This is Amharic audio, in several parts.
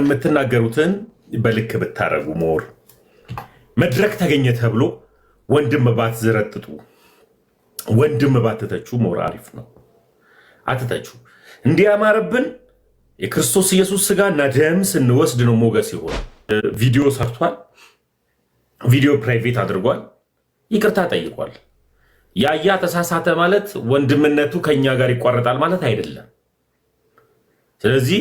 የምትናገሩትን በልክ ብታረጉ ሞር መድረክ ተገኘ ተብሎ ወንድም ባትዘረጥጡ ወንድም ባትተቹ ሞር አሪፍ ነው። አትተቹ። እንዲህ የክርስቶስ ኢየሱስ ስጋ እና ደም ስንወስድ ነው ሞገስ ይሆን። ቪዲዮ ሰርቷል። ቪዲዮ ፕራይቬት አድርጓል። ይቅርታ ጠይቋል። ያያ ተሳሳተ ማለት ወንድምነቱ ከኛ ጋር ይቋረጣል ማለት አይደለም። ስለዚህ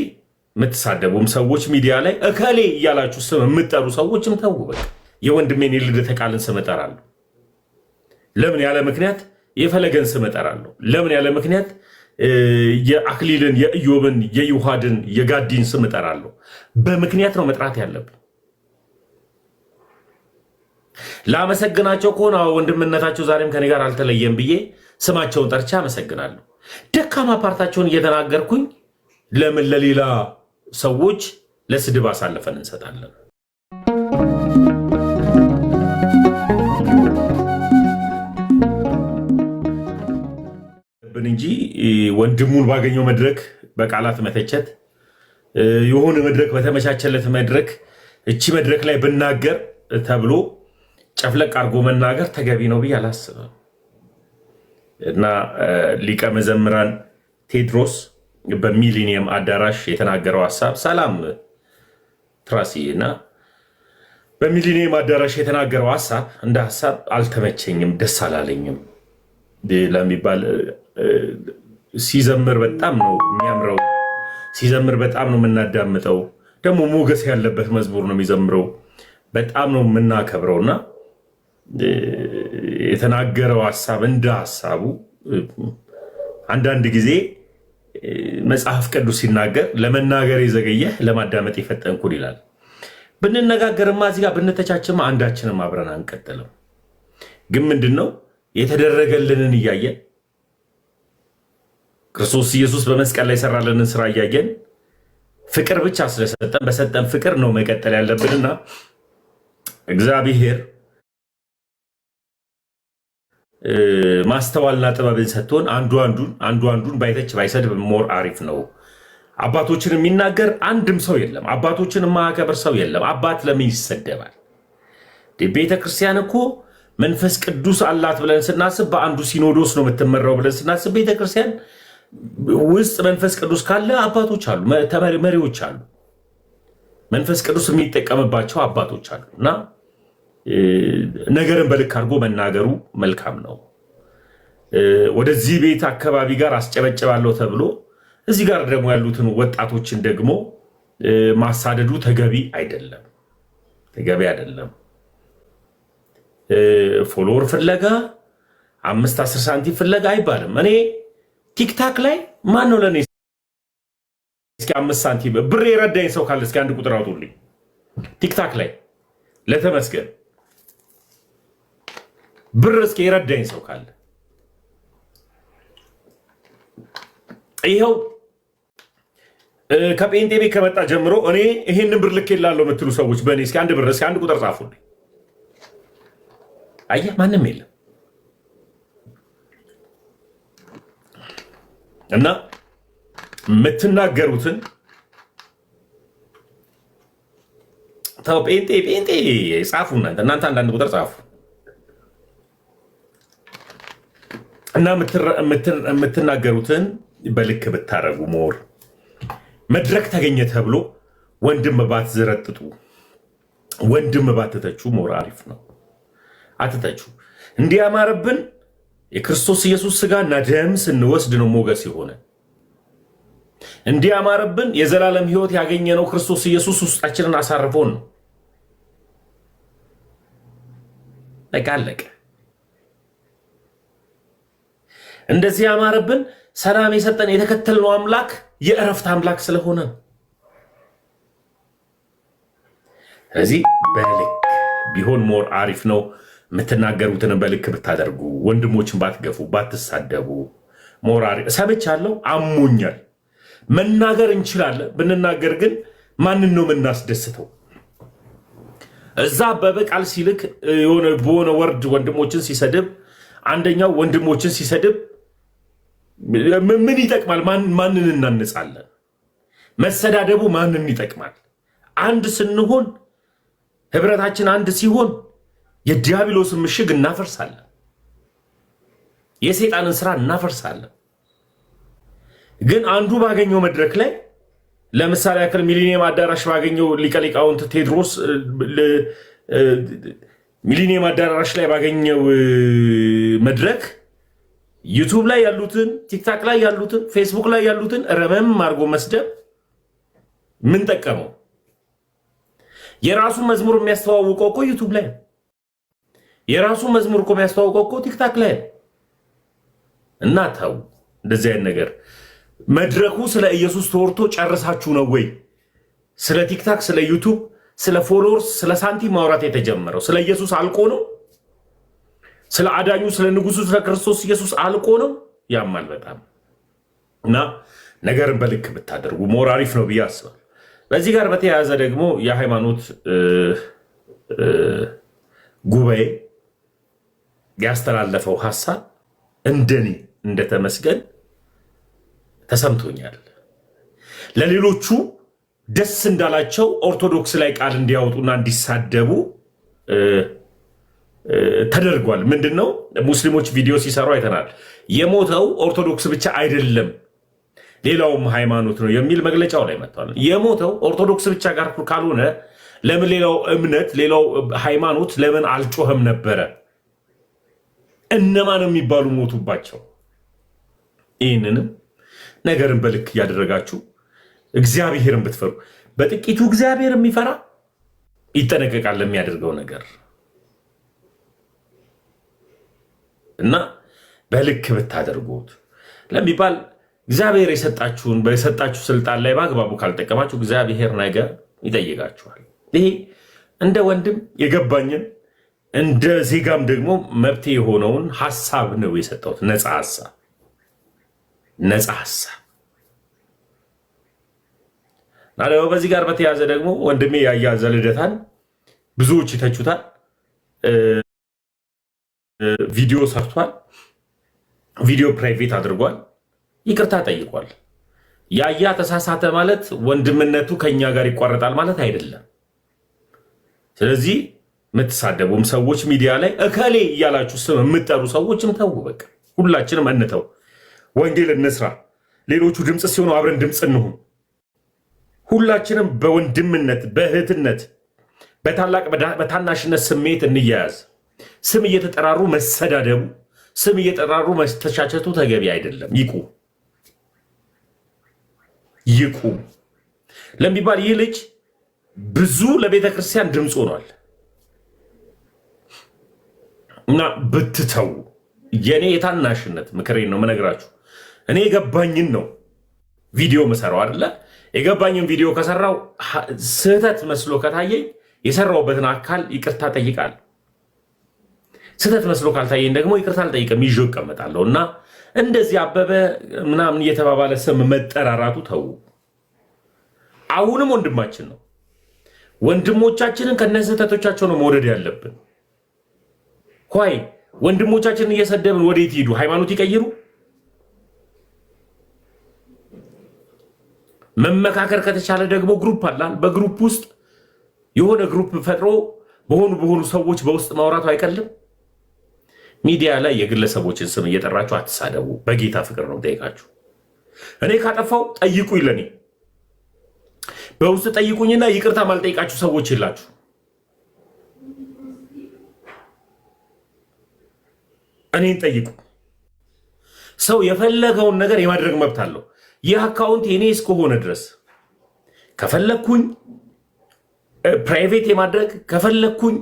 የምትሳደቡም ሰዎች ሚዲያ ላይ እከሌ እያላችሁ ስም የምጠሩ ሰዎችም ተው። በቃ የወንድሜን የልደተ ቃልን ስም እጠራለሁ። ለምን ያለ ምክንያት የፈለገን ስም እጠራለሁ። ለምን ያለ ምክንያት የአክሊልን፣ የእዮብን፣ የዩሃድን፣ የጋዲን ስም እጠራለሁ። በምክንያት ነው መጥራት ያለብን። ላመሰግናቸው ከሆነ ወንድምነታቸው ዛሬም ከኔ ጋር አልተለየም ብዬ ስማቸውን ጠርቼ አመሰግናለሁ። ደካማ ፓርታቸውን እየተናገርኩኝ ለምን ለሌላ ሰዎች ለስድብ አሳልፈን እንሰጣለን። ብን እንጂ ወንድሙን ባገኘው መድረክ በቃላት መተቸት የሆነ መድረክ በተመቻቸለት መድረክ እቺ መድረክ ላይ ብናገር ተብሎ ጨፍለቅ አድርጎ መናገር ተገቢ ነው ብዬ አላስብም እና ሊቀ መዘምራን ቴድሮስ በሚሊኒየም አዳራሽ የተናገረው ሀሳብ ሰላም ትራሲ እና በሚሊኒየም አዳራሽ የተናገረው ሀሳብ እንደ ሀሳብ አልተመቸኝም፣ ደስ አላለኝም ለሚባል ሲዘምር በጣም ነው የሚያምረው። ሲዘምር በጣም ነው የምናዳምጠው። ደግሞ ሞገስ ያለበት መዝሙር ነው የሚዘምረው። በጣም ነው የምናከብረው እና የተናገረው ሀሳብ እንደ ሀሳቡ አንዳንድ ጊዜ መጽሐፍ ቅዱስ ሲናገር ለመናገር የዘገየህ ለማዳመጥ የፈጠንኩን ይላል። ብንነጋገርማ እዚህ ብንተቻችማ አንዳችንም አብረን አንቀጥልም። ግን ምንድን ነው የተደረገልንን እያየን ክርስቶስ ኢየሱስ በመስቀል ላይ የሰራልንን ስራ እያየን ፍቅር ብቻ ስለሰጠን በሰጠን ፍቅር ነው መቀጠል ያለብንና እግዚአብሔር ማስተዋልና ጥበብን ሰጥቶን አንዱ አንዱን አንዱ አንዱን ባይተች ባይሰድብ ሞር አሪፍ ነው። አባቶችን የሚናገር አንድም ሰው የለም። አባቶችን የማያከብር ሰው የለም። አባት ለምን ይሰደባል? ቤተ ክርስቲያን እኮ መንፈስ ቅዱስ አላት ብለን ስናስብ በአንዱ ሲኖዶስ ነው የምትመራው ብለን ስናስብ ቤተ ክርስቲያን ውስጥ መንፈስ ቅዱስ ካለ አባቶች አሉ፣ መሪዎች አሉ፣ መንፈስ ቅዱስ የሚጠቀምባቸው አባቶች አሉ እና ነገርን በልክ አድርጎ መናገሩ መልካም ነው። ወደዚህ ቤት አካባቢ ጋር አስጨበጭባለሁ ተብሎ እዚህ ጋር ደግሞ ያሉትን ወጣቶችን ደግሞ ማሳደዱ ተገቢ አይደለም፣ ተገቢ አይደለም። ፎሎወር ፍለጋ አምስት አስር ሳንቲም ፍለጋ አይባልም። እኔ ቲክታክ ላይ ማን ነው ለእኔ እስኪ አምስት ሳንቲም ብሬ የረዳኝ ሰው ካለ እስኪ አንድ ቁጥር አውጡልኝ ቲክታክ ላይ ለተመስገን ብር እስኪ የረዳኝ ሰው ካለ ይኸው ከጴንጤ ቤት ከመጣ ጀምሮ እኔ ይሄንን ብር ልክ የላለው የምትሉ ሰዎች በእኔ እስኪ አንድ ብር እስኪ አንድ ቁጥር ጻፉልኝ። አየህ ማንም የለም እና የምትናገሩትን ተው ጴንጤ ጴንጤ ጻፉ እናንተ እናንተ አንዳንድ ቁጥር ጻፉ። እና የምትናገሩትን በልክ ብታረጉ ሞር መድረክ ተገኘ ተብሎ ወንድም ባትዘረጥጡ ወንድም ባትተቹ ሞር አሪፍ ነው። አትተቹ። እንዲያማረብን የክርስቶስ ኢየሱስ ስጋ እና ደም ስንወስድ ነው ሞገስ የሆነ እንዲያማርብን የዘላለም ሕይወት ያገኘነው ክርስቶስ ኢየሱስ ውስጣችንን አሳርፎን ነው። በቃ አለቀ። እንደዚህ ያማረብን ሰላም የሰጠን የተከተልነው አምላክ የእረፍት አምላክ ስለሆነ ነው። ስለዚህ በልክ ቢሆን ሞር አሪፍ ነው። የምትናገሩትን በልክ ብታደርጉ፣ ወንድሞችን ባትገፉ፣ ባትሳደቡ ሞር አሪፍ። ሰምቻለሁ፣ አሞኛል። መናገር እንችላለን። ብንናገር ግን ማንን ነው የምናስደስተው? እዛ በበቃል ቃል ሲልክ በሆነ ወርድ ወንድሞችን ሲሰድብ፣ አንደኛው ወንድሞችን ሲሰድብ ምን ይጠቅማል? ማንን እናነጻለን። መሰዳደቡ ማንን ይጠቅማል? አንድ ስንሆን ህብረታችን አንድ ሲሆን የዲያብሎስን ምሽግ እናፈርሳለን፣ የሰይጣንን ስራ እናፈርሳለን። ግን አንዱ ባገኘው መድረክ ላይ ለምሳሌ ያክል ሚሊኒየም አዳራሽ ባገኘው ሊቀ ሊቃውንት ቴዎድሮስ ሚሊኒየም አዳራሽ ላይ ባገኘው መድረክ ዩቱብ ላይ ያሉትን ቲክታክ ላይ ያሉትን ፌስቡክ ላይ ያሉትን ረመም አድርጎ መስደብ ምን ጠቀመው? የራሱ መዝሙር የሚያስተዋውቀው እኮ ዩቱብ ላይ የራሱ መዝሙር እኮ የሚያስተዋውቀው እኮ ቲክታክ ላይ እና ታው እንደዚህ አይነት ነገር መድረኩ ስለ ኢየሱስ ተወርቶ ጨርሳችሁ ነው ወይ ስለ ቲክታክ ስለ ዩቱብ ስለ ፎሎወርስ ስለ ሳንቲም ማውራት የተጀመረው? ስለ ኢየሱስ አልቆ ነው? ስለ አዳኙ ስለ ንጉሱ ስለ ክርስቶስ ኢየሱስ አልቆ ነው ያማል በጣም እና ነገርን በልክ ብታደርጉ ሞር አሪፍ ነው ብዬ አስባል። በዚህ ጋር በተያያዘ ደግሞ የሃይማኖት ጉባኤ ያስተላለፈው ሀሳብ እንደኔ እንደተመስገን ተሰምቶኛል። ለሌሎቹ ደስ እንዳላቸው ኦርቶዶክስ ላይ ቃል እንዲያወጡና እንዲሳደቡ ተደርጓል። ምንድን ነው ሙስሊሞች ቪዲዮ ሲሰሩ አይተናል። የሞተው ኦርቶዶክስ ብቻ አይደለም ሌላውም ሃይማኖት ነው የሚል መግለጫው ላይ መጥቷል። የሞተው ኦርቶዶክስ ብቻ ጋር ካልሆነ ለምን ሌላው እምነት ሌላው ሃይማኖት ለምን አልጮኸም ነበረ? እነማን የሚባሉ ሞቱባቸው? ይህንንም ነገርን በልክ እያደረጋችሁ እግዚአብሔርን ብትፈሩ በጥቂቱ እግዚአብሔር የሚፈራ ይጠነቀቃል ለሚያደርገው ነገር እና በልክ ብታደርጉት ለሚባል እግዚአብሔር የሰጣችሁን በሰጣችሁ ስልጣን ላይ በአግባቡ ካልጠቀማችሁ እግዚአብሔር ነገር ይጠይቃችኋል። ይሄ እንደ ወንድም የገባኝን እንደ ዜጋም ደግሞ መብት የሆነውን ሀሳብ ነው የሰጠሁት። ነፃ ሀሳብ ነፃ ሀሳብ እና ደግሞ በዚህ ጋር በተያያዘ ደግሞ ወንድሜ ያያዘ ልደታን ብዙዎች ይተቹታል። ቪዲዮ ሰርቷል። ቪዲዮ ፕራይቬት አድርጓል። ይቅርታ ጠይቋል። ያያ ተሳሳተ ማለት ወንድምነቱ ከእኛ ጋር ይቋረጣል ማለት አይደለም። ስለዚህ የምትሳደቡም ሰዎች ሚዲያ ላይ እከሌ እያላችሁ ስም የምጠሩ ሰዎችም ተው፣ በቃ ሁላችንም እንተው፣ ወንጌል እንስራ፣ ሌሎቹ ድምፅ ሲሆኑ አብረን ድምፅ እንሁን። ሁላችንም በወንድምነት በእህትነት፣ በታላቅ በታናሽነት ስሜት እንያያዝ። ስም እየተጠራሩ መሰዳደቡ፣ ስም እየጠራሩ መተቻቸቱ ተገቢ አይደለም። ይቁ ይቁ ለሚባል ይህ ልጅ ብዙ ለቤተ ክርስቲያን ድምፅ ሆኗል እና ብትተው የእኔ የታናሽነት ምክሬን ነው መነግራችሁ። እኔ የገባኝን ነው ቪዲዮ ምሰራው አደለ። የገባኝን ቪዲዮ ከሰራው ስህተት መስሎ ከታየኝ የሰራውበትን አካል ይቅርታ ጠይቃል። ስህተት መስሎ ካልታየኝ ደግሞ ይቅርታ አልጠይቅም፣ ይዤው እቀመጣለሁ እና እንደዚህ አበበ ምናምን እየተባባለ ስም መጠራራቱ ተዉ። አሁንም ወንድማችን ነው። ወንድሞቻችንን ከነ ስህተቶቻቸው ነው መውደድ ያለብን። ይ ወንድሞቻችንን እየሰደብን ወዴት ሂዱ? ሃይማኖት ይቀይሩ? መመካከር ከተቻለ ደግሞ ግሩፕ አላል። በግሩፕ ውስጥ የሆነ ግሩፕ ፈጥሮ በሆኑ በሆኑ ሰዎች በውስጥ ማውራቱ አይቀልም። ሚዲያ ላይ የግለሰቦችን ስም እየጠራችሁ አትሳደቡ። በጌታ ፍቅር ነው ጠይቃችሁ። እኔ ካጠፋው ጠይቁኝ፣ ለኔ በውስጥ ጠይቁኝና ይቅርታ ማልጠይቃችሁ ሰዎች የላችሁ። እኔን ጠይቁ። ሰው የፈለገውን ነገር የማድረግ መብት አለው። ይህ አካውንት የኔ እስከሆነ ድረስ ከፈለግኩኝ ፕራይቬት የማድረግ ከፈለግኩኝ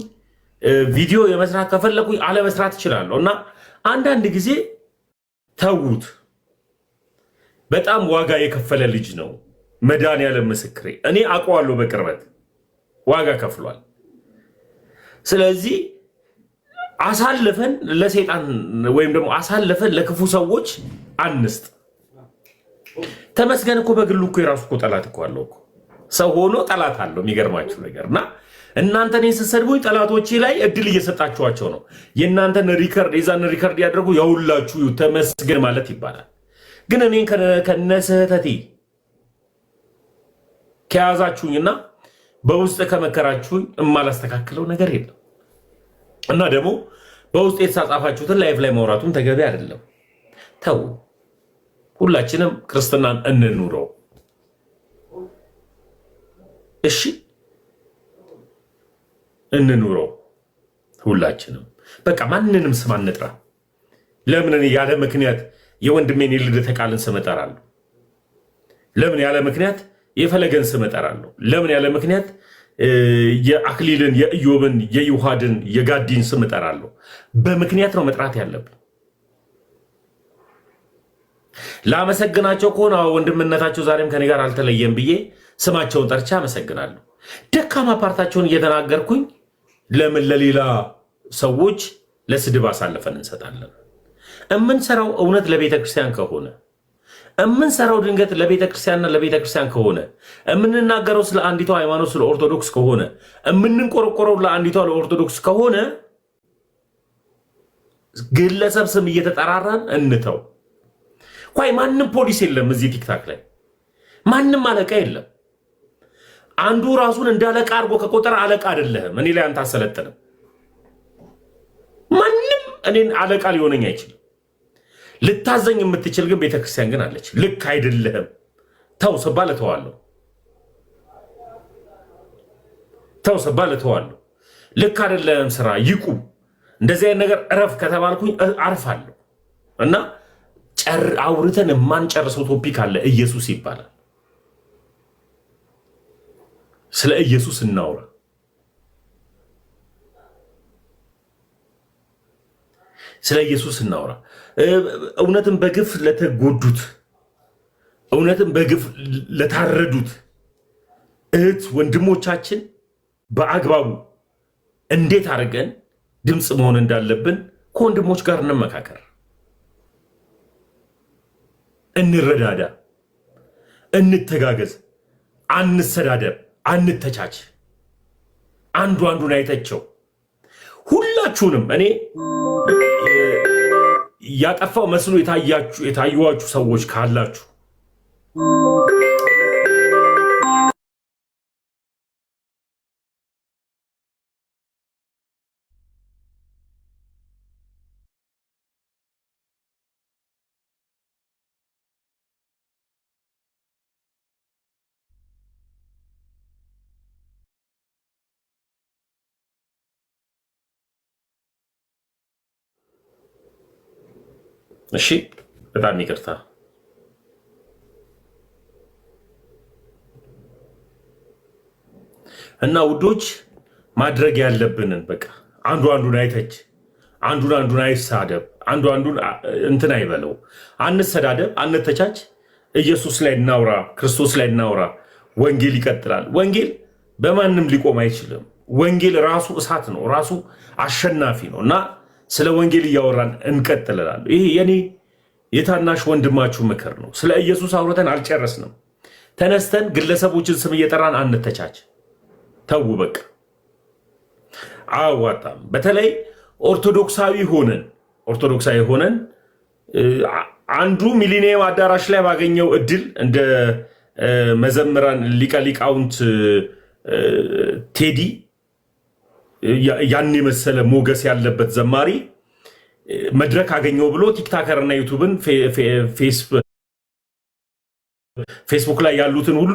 ቪዲዮ የመስራት ከፈለኩኝ አለመስራት እችላለሁ። እና አንዳንድ ጊዜ ተዉት። በጣም ዋጋ የከፈለ ልጅ ነው መድኃኒዓለም ምስክሬ። እኔ አውቀዋለሁ በቅርበት ዋጋ ከፍሏል። ስለዚህ አሳልፈን ለሰይጣን ወይም ደግሞ አሳልፈን ለክፉ ሰዎች አንስጥ። ተመስገን እኮ በግሉ እኮ የራሱ እኮ ጠላት እኮ አለው እኮ ሰው ሆኖ ጠላት አለው። የሚገርማችሁ ነገር እና እናንተ እኔን ስትሰድቡኝ ጠላቶቼ ላይ እድል እየሰጣችኋቸው ነው። የእናንተን ሪከርድ የዛን ሪከርድ ያደረጉ ያውላችሁ ተመስገን ማለት ይባላል። ግን እኔን ከነስህተቴ ከያዛችሁኝና በውስጥ ከመከራችሁኝ የማላስተካክለው ነገር የለም እና ደግሞ በውስጥ የተጻጻፋችሁትን ላይፍ ላይ ማውራቱን ተገቢ አይደለም። ተው፣ ሁላችንም ክርስትናን እንኑረው እሺ። እንኑረው ሁላችንም። በቃ ማንንም ስም አንጥራ። ለምን ያለ ምክንያት የወንድሜን የልደተ ቃልን ስም እጠራለሁ? ለምን ያለ ምክንያት የፈለገን ስም እጠራለሁ? ለምን ያለ ምክንያት የአክሊልን፣ የእዮብን፣ የዩሃድን የጋዲን ስም እጠራለሁ? በምክንያት ነው መጥራት ያለብን። ላመሰግናቸው ከሆነ ወንድምነታቸው ዛሬም ከኔ ጋር አልተለየም ብዬ ስማቸውን ጠርቼ አመሰግናለሁ። ደካማ ፓርታቸውን እየተናገርኩኝ ለምን ለሌላ ሰዎች ለስድብ አሳልፈን እንሰጣለን? እምንሰራው እውነት ለቤተ ክርስቲያን ከሆነ እምንሰራው ድንገት ለቤተ ክርስቲያንና ለቤተ ክርስቲያን ከሆነ እምንናገረው ስለ አንዲቷ ሃይማኖት ስለ ኦርቶዶክስ ከሆነ እምንንቆረቆረው ለአንዲቷ ለኦርቶዶክስ ከሆነ ግለሰብ ስም እየተጠራራን እንተው። ኳይ ማንም ፖሊስ የለም እዚህ ቲክታክ ላይ ማንም አለቃ የለም። አንዱ ራሱን እንደ አለቃ አድርጎ ከቆጠረ አለቃ አይደለህም። እኔ ላይ አንተ አሰለጥንም። ማንም እኔን አለቃ ሊሆነኝ አይችልም። ልታዘኝ የምትችል ግን ቤተክርስቲያን ግን አለች። ልክ አይደለህም ተው ስባል እተዋለሁ፣ ተው ስባል እተዋለሁ። ልክ አይደለህም ስራ ይቁም፣ እንደዚህ አይነት ነገር እረፍ ከተባልኩኝ አርፋለሁ እና አውርተን የማንጨርሰው ቶፒክ አለ ኢየሱስ ይባላል። ስለ ኢየሱስ እናውራ። ስለ ኢየሱስ እናውራ። እውነትን በግፍ ለተጎዱት፣ እውነትን በግፍ ለታረዱት እህት ወንድሞቻችን በአግባቡ እንዴት አድርገን ድምፅ መሆን እንዳለብን ከወንድሞች ጋር እንመካከር፣ እንረዳዳ፣ እንተጋገዝ፣ አንሰዳደብ። አንተቻች። አንዱ አንዱን አይተቸው። ሁላችሁንም እኔ ያጠፋው መስሎ የታያችሁ የታዩዋችሁ ሰዎች ካላችሁ እሺ በጣም ይቅርታ። እና ውዶች ማድረግ ያለብንን በቃ አንዱ አንዱን አይተች፣ አንዱን አንዱን አይሳደብ፣ አንዱ አንዱን እንትን አይበለው፣ አንሰዳደብ፣ አንተቻች። ኢየሱስ ላይ እናውራ፣ ክርስቶስ ላይ እናውራ። ወንጌል ይቀጥላል። ወንጌል በማንም ሊቆም አይችልም። ወንጌል ራሱ እሳት ነው፣ ራሱ አሸናፊ ነው እና ስለ ወንጌል እያወራን እንቀጥልላሉ። ይሄ የኔ የታናሽ ወንድማችሁ ምክር ነው። ስለ ኢየሱስ አውርተን አልጨረስንም። ተነስተን ግለሰቦችን ስም እየጠራን አንተቻች። ተው በቃ አዋጣም። በተለይ ኦርቶዶክሳዊ ሆነን ኦርቶዶክሳዊ ሆነን አንዱ ሚሊኒየም አዳራሽ ላይ ባገኘው እድል እንደ መዘምራን ሊቀ ሊቃውንት ቴዲ ያን የመሰለ ሞገስ ያለበት ዘማሪ መድረክ አገኘው ብሎ እና ዩቱብን ፌስቡክ ላይ ያሉትን ሁሉ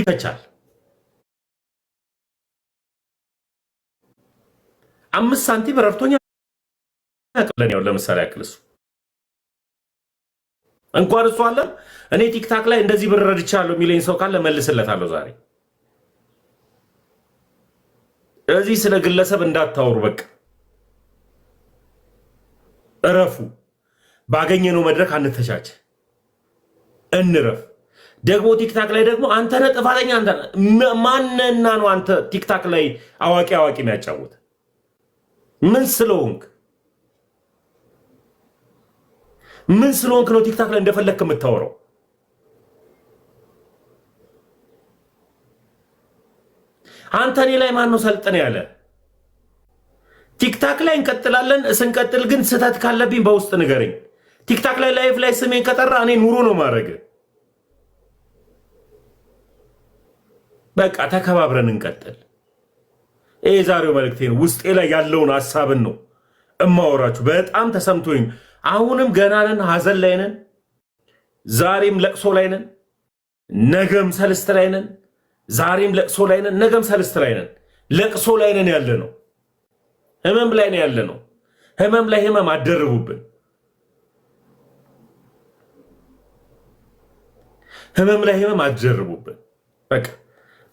ይተቻል። አምስት ሳንቲም ረድቶኛ ያው ለምሳሌ ያክል እሱ እንኳን እሱ አለ እኔ ቲክታክ ላይ እንደዚህ ብር ረድቻለሁ የሚለኝ ሰው ካለ መልስለታለሁ ዛሬ እዚህ ስለ ግለሰብ እንዳታወሩ፣ በቃ እረፉ። ባገኘነው መድረክ አንተቻች፣ እንረፍ። ደግሞ ቲክታክ ላይ ደግሞ አንተ ነህ ጥፋተኛ። አንተ ማነና ነው አንተ ቲክታክ ላይ አዋቂ አዋቂ የሚያጫውት ምን ስለሆንክ ምን ስለሆንክ ነው ቲክታክ ላይ እንደፈለግክ የምታወራው? አንተ እኔ ላይ ማን ነው ሰልጥነ ያለ? ቲክታክ ላይ እንቀጥላለን። ስንቀጥል ግን ስህተት ካለብኝ በውስጥ ንገረኝ። ቲክታክ ላይ ላይፍ ላይ ስሜን ከጠራ እኔ ኑሮ ነው ማድረግ። በቃ ተከባብረን እንቀጥል። ይህ የዛሬው መልእክቴ ነው። ውስጤ ላይ ያለውን ሀሳብን ነው እማወራችሁ። በጣም ተሰምቶኝ አሁንም ገና ነን፣ ሀዘን ላይ ነን፣ ዛሬም ለቅሶ ላይ ነን፣ ነገም ሰልስት ላይ ነን። ዛሬም ለቅሶ ላይ ነን፣ ነገም ሰልስት ላይ ነን። ለቅሶ ላይ ነን ያለ ነው። ህመም ላይ ነው ያለ ነው። ህመም ላይ ህመም አደረቡብን። ህመም ላይ ህመም አደረቡብን። በቃ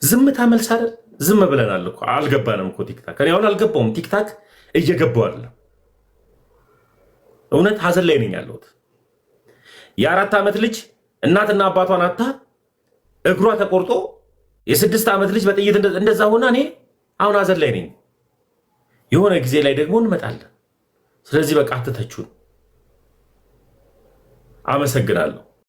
ዝምታ መልስ አይደል? ዝም ብለናል እኮ አልገባንም እኮ ቲክታክ። እኔ አሁን አልገባውም ቲክታክ እየገባው አለ። እውነት ሀዘን ላይ ነኝ ያለሁት። የአራት ዓመት ልጅ እናትና አባቷን አታ እግሯ ተቆርጦ የስድስት ዓመት ልጅ በጥይት እንደዛ ሆና እኔ አሁን አዘን ላይ ነኝ። የሆነ ጊዜ ላይ ደግሞ እንመጣለን። ስለዚህ በቃ አትተቹን። አመሰግናለሁ።